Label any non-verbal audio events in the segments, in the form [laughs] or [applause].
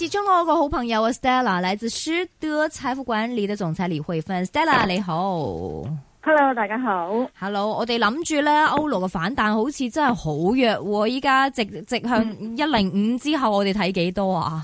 始終我個好朋友啊，Stella，嚟自施德財富管理的總裁李慧芬，Stella，你好，Hello，大家好，Hello，我哋諗住咧歐羅嘅反彈好似真係好弱，依家直直向一零五之後我們看，我哋睇幾多啊？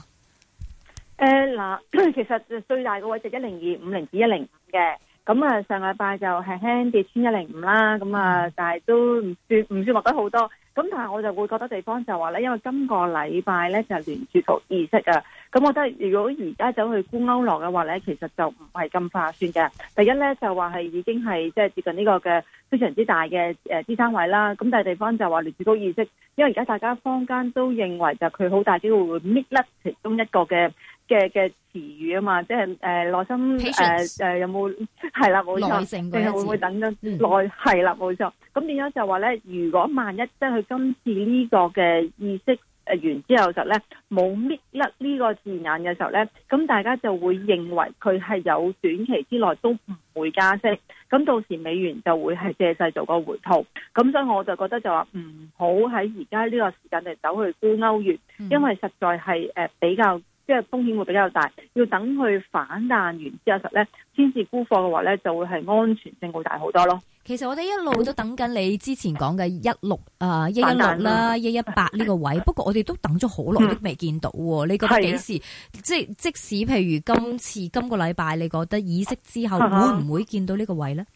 誒嗱，其實最大嘅位就一零二五零至一零五嘅。咁啊，上禮拜就係輕輕跌穿一零五啦，咁啊，但係都唔算唔算落得好多。咁但係我就會覺得地方就話咧，因為今個禮拜咧就連住高議息啊。咁我覺得如果而家走去沽歐羅嘅話咧，其實就唔係咁劃算嘅。第一咧就話係已經係即係接近呢個嘅非常之大嘅誒支撐位啦。咁但係地方就話連住高議息，因為而家大家坊間都認為就佢好大機會會搣甩其中一個嘅。嘅嘅詞語啊嘛，即係誒耐心誒 Patience、呃、有冇係啦冇錯，定係會唔會、嗯、等咗耐係啦冇錯。咁變咗就話咧，如果萬一即係佢今次呢個嘅議息完、呃、之後就呢，就咧冇搣甩呢個字眼嘅時候咧，咁大家就會認為佢係有短期之內都唔會加息。咁到時美元就會係借勢做個回吐。咁所以我就覺得就話唔好喺而家呢個時間嚟走去沽歐元，嗯、因為實在係、呃、比較。即係風險會比較大，要等佢反彈完之後咧，先至沽貨嘅話咧，就會係安全性會大好多咯。其實我哋一路都等緊你之前講嘅一六啊一一六啦一一八呢個位， [laughs] 不過我哋都等咗好耐都未見到。 [laughs] 你覺得幾時？的即係即，即使譬如今次今個禮拜，你覺得議息之後會唔會見到呢個位咧？ [laughs]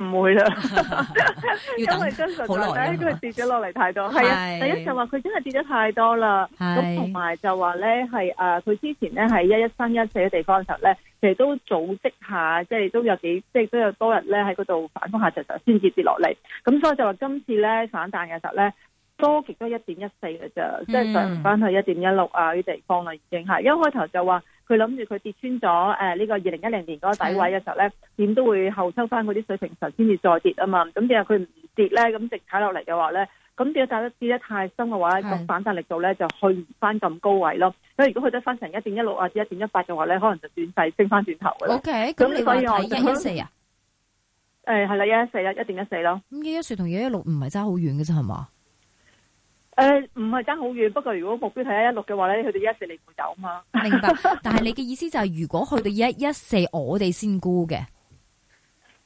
唔 [laughs] 會啦了， [laughs] 因為真實在第一都跌咗落嚟太多，係啊的，第一就話佢真係跌咗太多啦，咁同埋就話咧係誒，佢、啊、之前咧喺一一三一四嘅地方嘅時候咧，其實都組織下，即係都有幾，即係都有多日咧喺嗰度反覆下就，就就先至跌落嚟，咁所以就話今次咧反彈嘅時候咧，多極都一點一四嘅啫，即係上唔翻去一點一六啊啲地方啦已經係，因為一開頭就話。佢諗住佢跌穿咗誒呢個二零一零年嗰個底位嘅時候咧，點的都會後收翻嗰啲水平線先至再跌啊嘛。咁即係佢唔跌咧，咁直踩落嚟嘅話咧，咁點解跌得跌得太深嘅話，個的反彈力度咧就去唔翻咁高位咯。所以如果佢得翻成一點一六或者一點一八嘅話咧，可能就轉勢升翻轉頭。O K，咁你話睇一一四啊？誒係啦，一一四啦，一點一四咯。咁一一四同一一六唔係差好遠嘅啫，係嘛？誒，唔係爭好遠，不過如果目標係一一六嘅話咧，你去到一四你會走啊嘛。 [laughs] 明白，但係你嘅意思就係、是，如果去到一一四，我哋先沽嘅。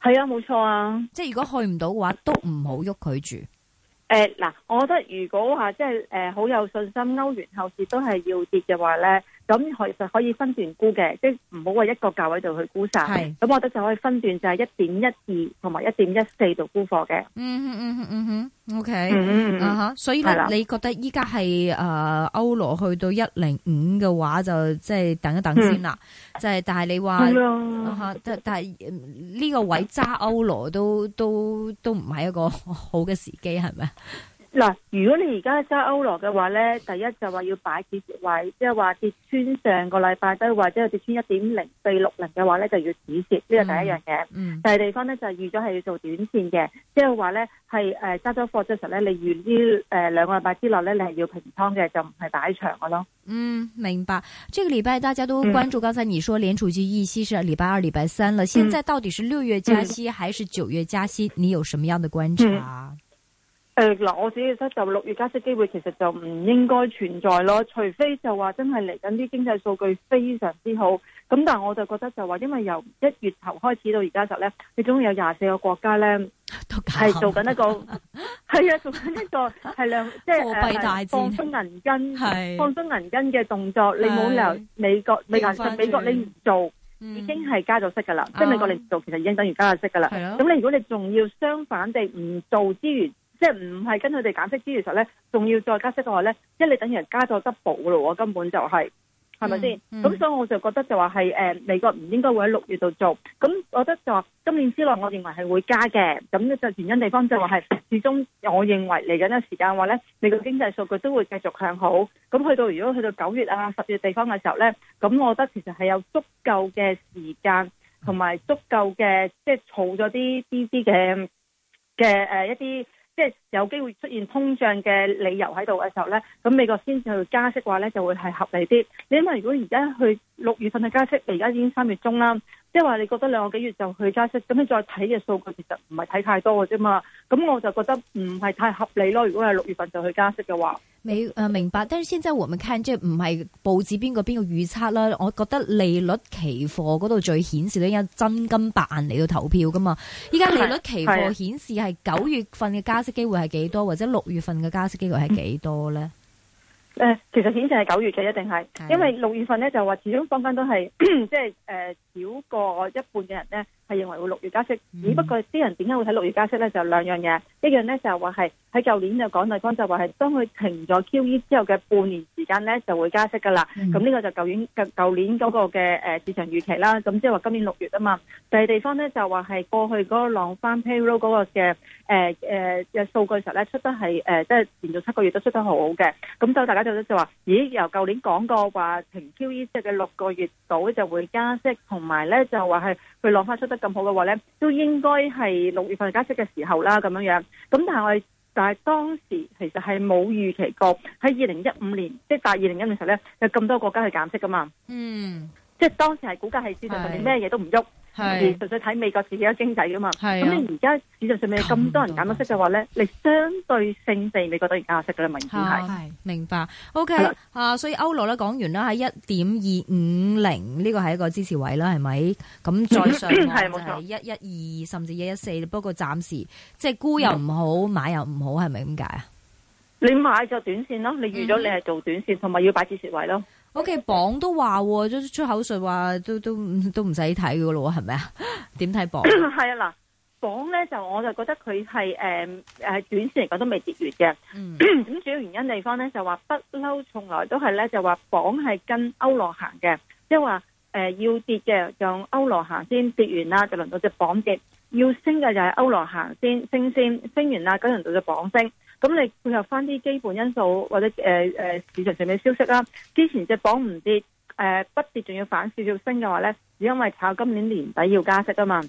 係啊，冇錯啊。即係如果去唔到嘅話，都唔好喐佢住。誒，嗱，我覺得如果話即係誒，好、就是呃、有信心，歐元後市都係要跌嘅話咧。咁可以是就可以分段沽嘅，即係唔好話一個價位度去沽晒。咁我覺得就可以分段，就係一點一二同埋一點一四度沽貨嘅、嗯。嗯嗯嗯嗯嗯，OK。嗯，所以的你覺得依家係誒歐羅去到一零五嘅話，就即係等一等先啦。嗯、就係、是、但係你話、嗯哼啊、但係呢個位揸歐羅都都都唔係一個好嘅時機，係咪啊？嗱，如果你而家揸歐羅嘅話咧，第一就話要擺止蝕位，即係話跌穿上個禮拜都或者係跌穿一點零四六零嘅話咧，就要止蝕，呢、這個第一樣嘢、嗯。嗯，第二地方咧就預咗係要做短線嘅，即係話咧係誒揸咗貨即時候咧，你預呢誒兩個禮拜之內咧，你係要平倉嘅，就唔係擺場嘅咯。嗯，明白。這個禮拜大家都關注，剛才你說聯儲局議息是禮拜二、禮拜三啦。現在到底是六月加息還是九月加息？你有什麼樣的觀察？嗯嗯嗯誒，嗱，我自己覺得就六月加息機會其實就唔應該存在咯，除非就話真係嚟緊啲經濟數據非常之好。咁但係我就覺得就話，因為由一月頭開始到而家就咧，你總共有廿四個國家咧，係做緊一個係啊，做緊一個係兩即係放鬆銀根、放鬆銀根嘅動作。你冇理由美國、美國，你唔做已經係加咗息噶啦。即係美國你唔做，其實已經等於加咗息噶啦。咁你如果你仲要相反地唔做之餘，即係唔係跟佢哋減息之餘，實咧仲要再加息嘅話咧，即係你等於加咗得補咯，根本就係、是，係咪先？咁、嗯嗯、所以我就覺得就話係誒美國唔應該會喺六月度做，咁我覺得就話今年之內，我認為係會加嘅。咁就原因地方就話、是、係，嗯、始終我認為嚟緊嘅時間話咧，你個經濟數據都會繼續向好。咁去到如果去到九月啊、十月地方嘅時候咧，咁我覺得其實係有足夠嘅時間同埋足夠嘅，即係儲咗啲啲啲嘅嘅誒一啲。一些即係有機會出現通脹嘅理由喺度嘅時候咧，咁美國先至去加息嘅話咧，就會係合理啲。你諗下，如果你而家去六月份去加息，你而家已經三月中啦。即係話你覺得兩個幾月就去加息，咁你再睇嘅數據其實唔係睇太多嘅啫嘛。咁我就覺得唔係太合理咯。如果係六月份就去加息嘅話，明誒明白。但係先真會唔係即係唔係報紙邊個邊個預測啦？我覺得利率期貨嗰度最顯示到有真金白銀嚟到投票㗎嘛。依家利率期貨顯示係九月份嘅加息機會係幾多，或者六月份嘅加息機會係幾多咧？誒、呃，其實顯示係九月嘅，一定係，是的因為六月份咧就話始終坊間都係，即係誒少過一半嘅人咧。係認為會六月加息，只不過啲人點解會睇六月加息咧？就兩、是、樣嘢，一樣咧就話係喺舊年就講方就話係當佢停咗 QE 之後嘅半年時間咧就會加息噶啦。咁呢、嗯、個就舊年舊年嗰個嘅誒、呃、市場預期啦。咁即係話今年六月啊嘛。第二地方咧就話係過去嗰個浪翻 Payroll 嗰個嘅誒誒嘅數據時候咧、呃呃、出得係誒即係連續七個月都出得好好嘅。咁就大家就就話咦由舊年講過話停 QE 之後嘅六個月度就會加息，同埋咧就話係佢浪翻出。咁好嘅話呢，都應該係六月份加息嘅時候啦，咁樣樣。咁但係就係當時其實係冇預期過，喺二零一五年，即係大二零一五年時候呢，有咁多國家去減息噶嘛。嗯，即係當時係股價係市場上面咩嘢都唔喐。係純是粹睇美國自己嘅經濟噶嘛，咁、啊、你而家事實上面咁多人揀得息嘅話咧，你相對性地美國得而家壓息噶啦，明顯係。明白，OK 了啊，所以歐羅咧講完啦，喺一點二五零呢個係一個支持位啦，係咪？咁再上就係一一二甚至一一四，不過暫時即係沽又唔好，嗯、買又唔好，係咪咁解啊？你買咗短線咯，你預咗你係做短線，同埋、嗯、要擺支持位咯。OK，鎊都話，出出口術話都都都唔使睇嘅咯，係咪啊？點睇鎊？係啊，嗱， [coughs] 鎊咧就我就覺得佢係誒誒短線嚟講都未跌完嘅。咁 [coughs] 主要原因地方咧就話不嬲，從來都係咧就話鎊係跟歐羅行嘅，即係話誒要跌嘅，用歐羅行先跌完啦，就輪到隻鎊跌；要升嘅就係歐羅行先升先升完啦，跟住就隻鎊升。咁你配合翻啲基本因素或者誒、呃呃、市場上面消息啦、啊，之前隻鎊唔跌，誒、呃、不跌仲要反少少升嘅話咧，係因為炒今年年底要加息啊嘛。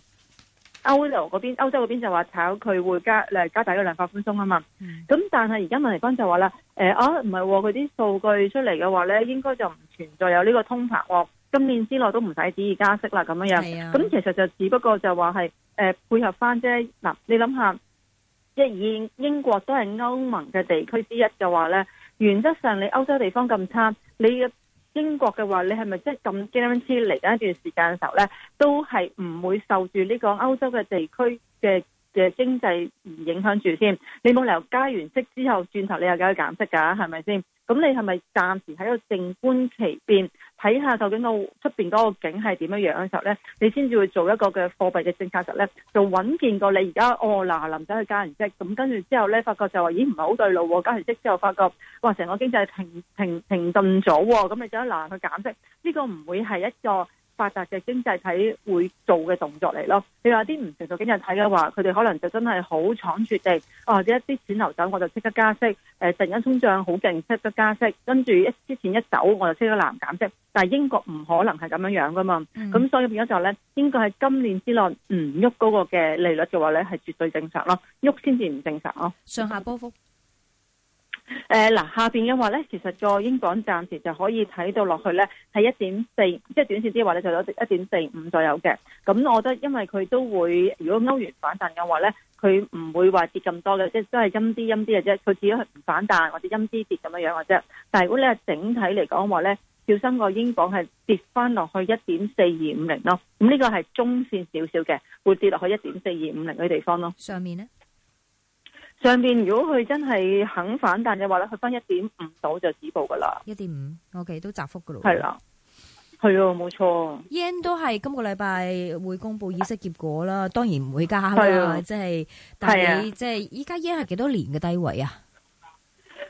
歐洲嗰邊，歐洲嗰邊就話炒佢會加誒加大咗量化寬鬆啊嘛。咁、嗯、但係而家問題返就話啦，誒、呃、啊唔係喎，佢啲、啊、數據出嚟嘅話咧，應該就唔存在有呢個通膨喎、哦，今年之內都唔使指意加息啦咁樣樣。咁、啊、其實就只不過就話係誒配合翻啫。嗱、呃，你諗下。即係以英國都係歐盟嘅地區之一嘅話呢，原則上你歐洲地方咁差，你嘅英國嘅話，你係咪即咁啱先嚟緊一段時間嘅時候呢，都係唔會受住呢個歐洲嘅地區嘅嘅經濟而影響住先？你冇理由加完息之後轉頭你又搞去減息㗎啊，係咪先？咁你係咪暫時喺度靜觀其變？睇下究竟到出邊嗰個景係點樣樣嘅時候咧，你先至會做一個嘅貨幣嘅政策時咧，就穩健過你而家哦嗱，臨走去加人息，咁、嗯、跟住之後咧，發覺就話咦唔係好對路喎，加人息之後發覺哇成個經濟停停停頓咗喎，咁、哦、你就去嗱去減息，呢、呢個唔會係一個。發達嘅經濟體會做嘅動作嚟咯，你話啲唔成熟嘅經濟體嘅話，佢哋可能就真係好倉促地，或、啊、者一啲錢流走，我就即刻加息，誒突然間通脹好勁，即刻加息，跟住一啲錢一走，我就即刻濫減息。但係英國唔可能係咁樣樣噶嘛，咁、嗯、所以變咗就咧，英國喺今年之內唔喐嗰個嘅利率嘅話咧，係絕對正常咯，喐先至唔正常咯。上下波幅。誒，嗱、呃、下邊嘅話咧，其實個英鎊暫時就可以睇到落去咧係一點四，即係短線啲話咧就有一點四五左右嘅。咁我覺得因為佢都會，如果歐元反彈嘅話咧，佢唔會話跌咁多嘅，即係都係陰啲陰啲嘅啫。佢只要唔反彈或者陰啲跌咁樣樣或者，但係如果你係整體嚟講話咧，小心個英鎊係跌翻落去一點四二五零咯。咁、這、呢個係中線少少嘅，會跌落去一點四二五零嘅地方咯。上面咧？上邊如果佢真係肯反彈嘅話咧，佢翻一點五度就止步噶啦。一點五，我記都窄幅噶喇。係啦，係哦，冇錯。yen 都係今個禮拜會公布議息結果啦，當然唔會加啦。即係的、就是，但係即係，依家 yen 係幾多年嘅低位啊？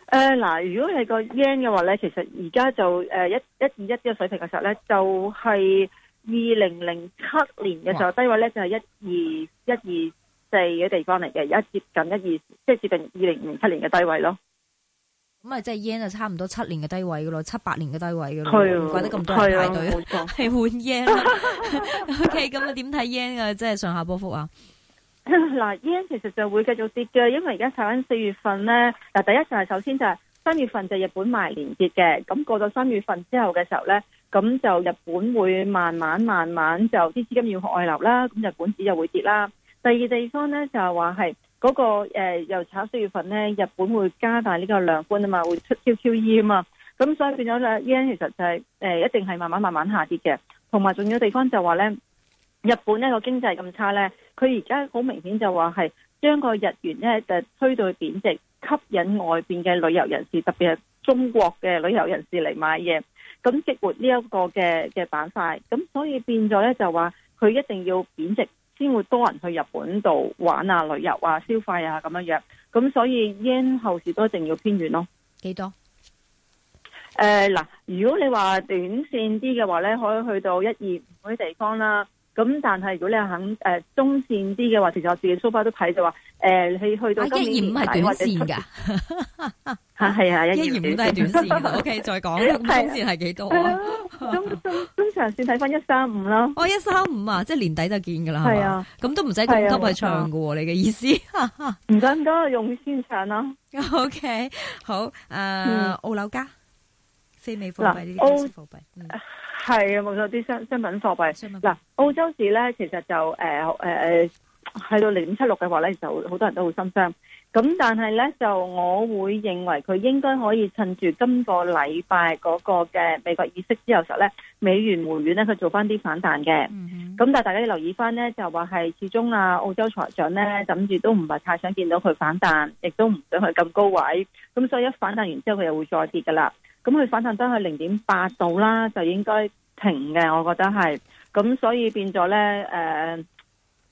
誒，嗱，如果係個 yen 嘅話咧，其實而家就誒一一二一呢個水平嘅時候咧，就係二零零七年嘅時候哇低位咧，就係一二一二。嘅地方嚟嘅，而家接近一二，即係接近二零零七年嘅低位咯。咁啊，即係 yen 啊，差唔多七年嘅低位噶咯，七八年嘅低位噶咯，怪得咁多人排隊，係換 y OK，咁啊，點睇 yen 啊？即係上下波幅啊？嗱，yen [laughs] 其實就會繼續跌嘅，因為而家睇緊四月份咧。嗱，第一就係首先就係三月份就日本賣年跌嘅，咁過咗三月份之後嘅時候咧，咁就日本會慢慢慢慢就啲資金要外流啦，咁日本紙就會跌啦。第二地方咧就係話係嗰個誒油、呃、炒。四月份咧，日本會加大呢個量寬啊嘛，會出 QQE 啊嘛，咁所以變咗咧 yen 其實就係、是、誒、呃、一定係慢慢慢慢下跌嘅。同埋仲有地方就話咧，日本呢個經濟咁差咧，佢而家好明顯就話係將個日元咧就推到去貶值，吸引外邊嘅旅遊人士，特別係中國嘅旅遊人士嚟買嘢，咁激活呢一個嘅嘅板塊，咁所以變咗咧就話佢一定要貶值。先會多人去日本度玩啊、旅遊啊、消費啊咁樣樣，咁所以日圓後市都一定要偏軟咯。幾多少？誒，嗱，如果你話短線啲嘅話咧，可以去到一二五嗰啲地方啦。咁但係如果你肯誒中線啲嘅話，其實我自己蘇柏都睇就話誒，去去到今年年底或者出線嘅吓係啊，一二五都係短線嘅。O K，再講，中線係幾多？中中中長線睇翻一三五啦。哦，一三五啊，即係年底就見噶啦，係啊，咁都唔使咁急去唱嘅，你嘅意思？唔咁多，用先唱啦。O K，好誒，奧柳家。嗱，歐係冇錯啲商商品貨幣。嗱，澳洲市咧，其實就誒誒誒，呃呃、喺到零點七六嘅話咧，就好多人都好心傷。咁但係咧，就我會認為佢應該可以趁住今個禮拜嗰個嘅美國議息之後實咧，美元回軟咧，佢做翻啲反彈嘅。咁、嗯、哼但係大家要留意翻咧，就話係始終啊，澳洲財長咧，諗住都唔係太想見到佢反彈，亦都唔想去咁高位。咁所以一反彈完之後，佢又會再跌噶啦。咁佢反彈得係零點八度啦，就應該停嘅，我覺得係。咁所以變咗咧，誒、呃，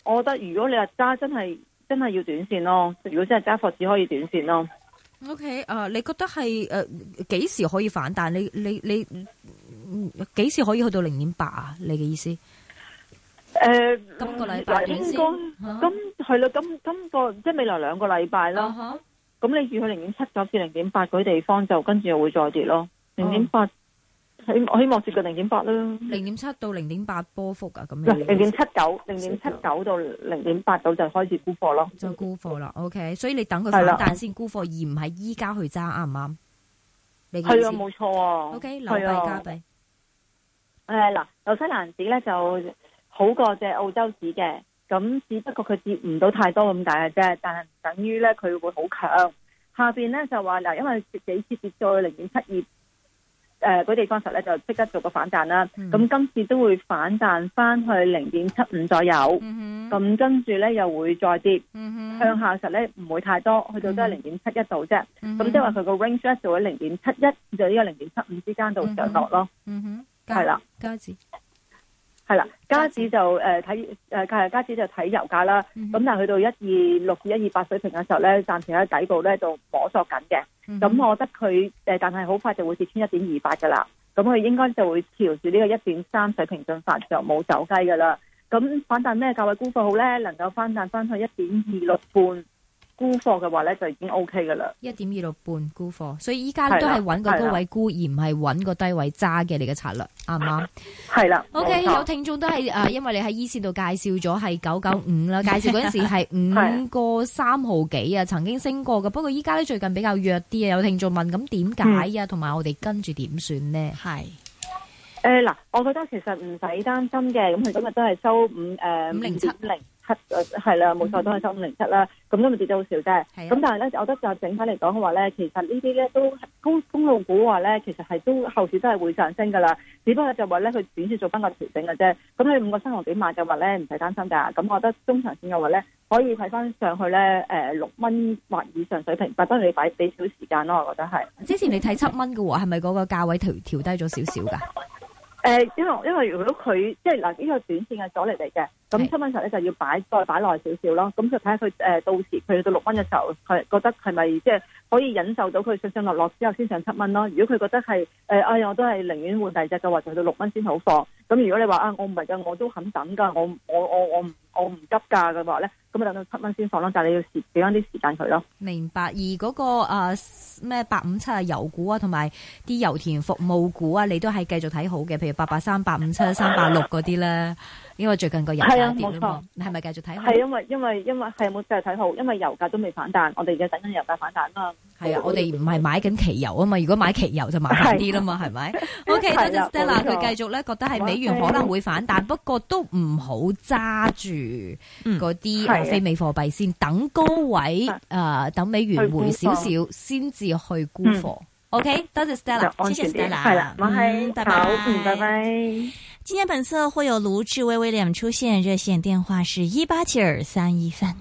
我覺得如果你話揸真係真係要短線咯，如果真係揸貨只可以短線咯。O K，誒，你覺得係誒幾時可以反彈？你你你幾時可以去到零點八啊？你嘅意思？誒、呃，今個禮拜應該，咁係啦，咁今個，今個即係未來兩個禮拜啦。Uh huh. 咁你預去零點七九至零點八嗰啲地方，就跟住又會再跌咯。零點八希我希望接到零點八啦。零點七到零點八波幅啊，咁樣。零點七九，零點七九到零點八九就開始沽貨咯，就沽貨啦。OK，所以你等佢反彈先沽貨，了而唔係依家去揸，啱唔啱？係啊，冇錯、okay,。OK，語言留低加幣。誒，嗱，紐西蘭紙咧就好過隻澳洲紙嘅。咁只不過佢跌唔到太多咁大嘅啫，但係等於咧佢會好強。下面咧就話嗱，因為幾次跌到去零點七二，誒嗰地方實咧就即刻做個反彈啦。咁、嗯、今次都會反彈翻去零點七五左右。咁、嗯、哼跟住咧又會再跌，嗯、哼向下實咧唔會太多，去到都係零點七一度啫。咁即係話佢個 range 就喺零點七一就到呢個零點七五之間度上落咯嗯。嗯哼，係啦，加係、呃、啦，加指就誒睇誒，係加指就睇油價啦。咁但係去到一二六至一二八水平嘅時候咧，暫時喺底部咧就摸索緊嘅。咁、嗯、哼我覺得佢誒，但係好快就會跌穿一點二八噶啦。咁佢應該就會調住呢個一點三水平進發，就冇走雞噶啦。咁反彈咩價位沽貨好咧？能夠翻彈翻去一點二六半。嗯沽貨嘅話咧就已經 O K 噶啦，一點二六半沽貨，所以依家咧都係揾個高位沽，是是而唔係揾個低位揸嘅你嘅策略啱唔啱？係啦，O K，有聽眾都係誒、呃，因為你喺 e 線度介紹咗係九九五啦，介紹嗰陣時係五個三毫幾啊，曾經升過嘅，不過依家咧最近比較弱啲啊，有聽眾問咁點解啊？同埋我哋跟住點算呢？係誒嗱，我覺得其實唔使擔心嘅，咁佢今日都係收五誒五零七零。呃係啦，冇錯、嗯，都係七五零七啦。咁都咪跌咗好少啫。咁但係咧，我覺得就整體嚟講嘅話咧，其實呢啲咧都公公路股話咧，其實係都後市都係會上升噶啦。只不過就話咧，佢短線做翻個調整嘅啫。咁喺五個新行幾萬嘅話咧唔使擔心噶。咁我覺得中長線嘅話咧，可以睇翻上去咧誒六蚊或以上水平，但不如你擺俾少時間咯。我覺得係。之前你睇七蚊嘅喎，係咪嗰個價位調調低咗少少噶？誒，因為因為如果佢即係嗱，呢個短線嘅阻力嚟嘅，咁七蚊時候咧就要擺再擺耐少少咯，咁就睇下佢誒到時佢去到六蚊嘅時候，佢覺得係咪即係可以忍受到佢上上落落之後先上七蚊咯？如果佢覺得係誒，哎呀，我都係寧願換第二隻嘅話，就到六蚊先好放。咁如果你話啊，我唔係噶，我都肯等噶，我我我我。我我我唔急㗎，咁話咧，咁啊等到七蚊先放咯，但係你要蝕俾翻啲時間佢咯。明白，而嗰、那個誒咩、呃、八五七啊油股啊，同埋啲油田服務股啊，你都係繼續睇好嘅，譬如八八三、八五七、哎、呀三八六嗰啲咧，因為最近個油價跌啦嘛。係咪繼續睇好？係因為因為因為係冇淨係睇好，因為油價都未反彈，我哋而家等緊油價反彈啊嘛。係啊，我哋唔係買緊期油啊嘛，如果買期油就麻煩啲啦嘛，係咪？OK，多謝 Stella，佢繼續咧覺得係美元可能會反彈，哎、呀不過都唔好揸住。住嗰啲非美貨幣先，的先等高位啊，嗯、等美元回少少先至去沽貨。嗯、OK，多謝 Stella，多謝 Stella 係啦，拜拜，拜拜。Bye bye 今天本色會有盧志威、威廉出現，熱線電話是一八七二三一三。